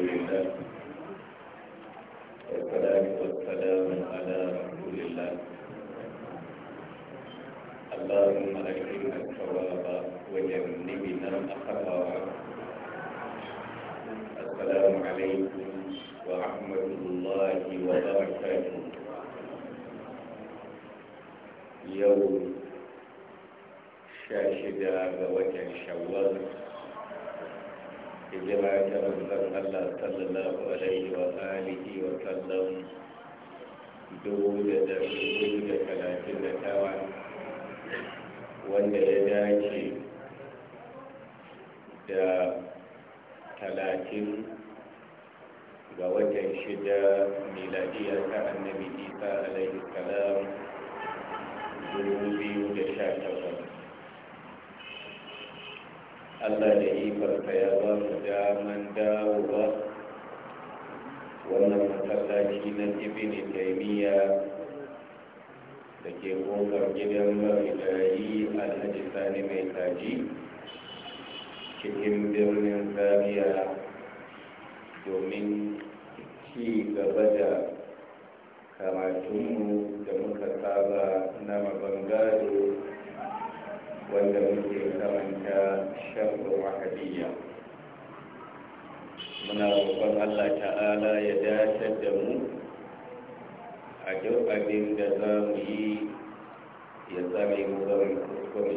والصلاة والسلام على رسول الله اللهم أكرمنا الثواب وجنبنا الأخطاء السلام عليكم ورحمة الله وبركاته يوم شاشدة وجن شوال darajar manzon Allah sallallahu alaihi wa alihi wa sallam dubu da dari da talatin da tawa wanda ya dace da talatin ga watan shida miladiya ta annabi isa alaihi salam dubu biyu da sha takwas allah da ifarka ya ba mu daman dawowa wannan matasaki na ibn taimiyya da ke kofar gidan a alhaji sani mai taji cikin birnin zariya domin ci gaba da karatunmu da muka sa wanda muke karanta sharru wahadiyya muna roƙon Allah ta'ala ya dacar da mu a duk abin da za mu yi ya tsare mu zama kuskure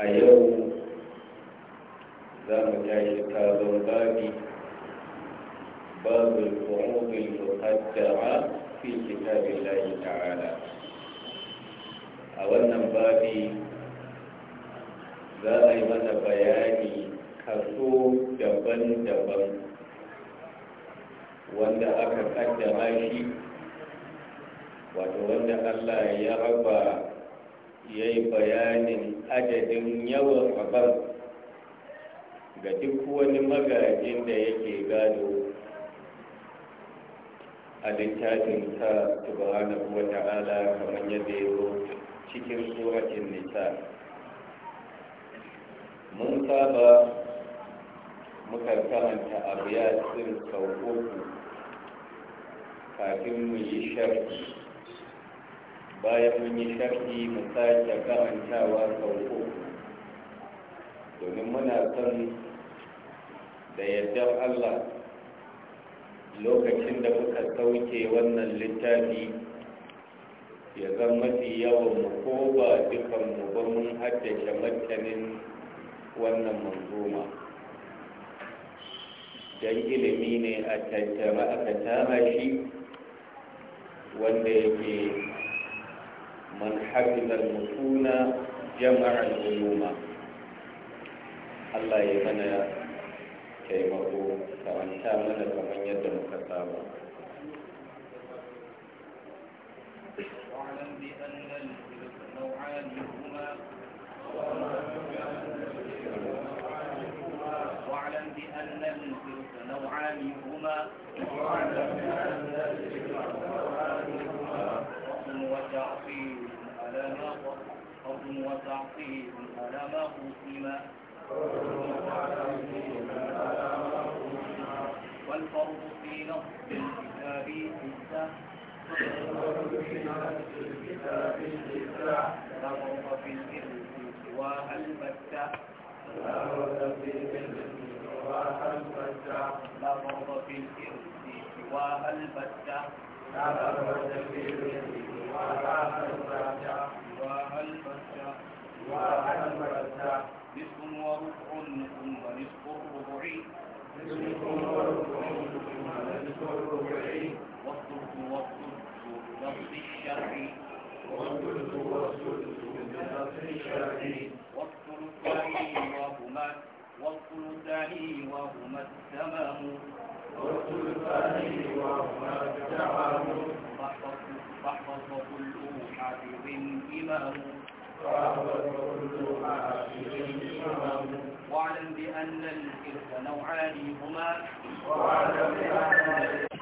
a yau za mu tashi sabon babi babu al-qurud al-muqaddara fi kitabillahi ta'ala a wannan babi za a yi mana bayani kaso daban-daban wanda aka kaddama shi wato wanda allah ya haba ya yi bayanin adadin yawan rabar ga duk wani magajin da yake gado a littafin ta tubahana wa ta'ala kamar yadda ya zo cikin suratun nisa mun saba muka karanta abu ya tsir sau kafin mu yi sharhi bayan mun yi sharhi mu sake karantawa sau domin muna son da yardar allah lokacin da muka sauke wannan littafi ya zan mafi yawan ko ba dukan mu ba mun haddace wannan manzuma don ilimi ne a tattara aka tara shi wanda yake man hafizar mutuna jama'ar uluma Allah ya mana taimako karanta mana kamar yadda muka saba أن البر نوعان هما واعلم بأن البر نوعان هما فضل وتعطيل على ما فضل وتعطيل على ما قسم والفرض في نص الكتاب ستة البتة لا بد في ولا البتة البتة ولا البتة نصف وربع ثم نصف نصف وربع ثم نصف الربع والضد والضد بنص الشرع والضد والضد بنص الشرع والثلثان وهما والثلثان وهما التمام والثلثان وهما التمام فاحفظ وكل حافظ إمام فاحفظ وكل حافظ إمام واعلم بأن الإرث نوعان هما واعلم بأن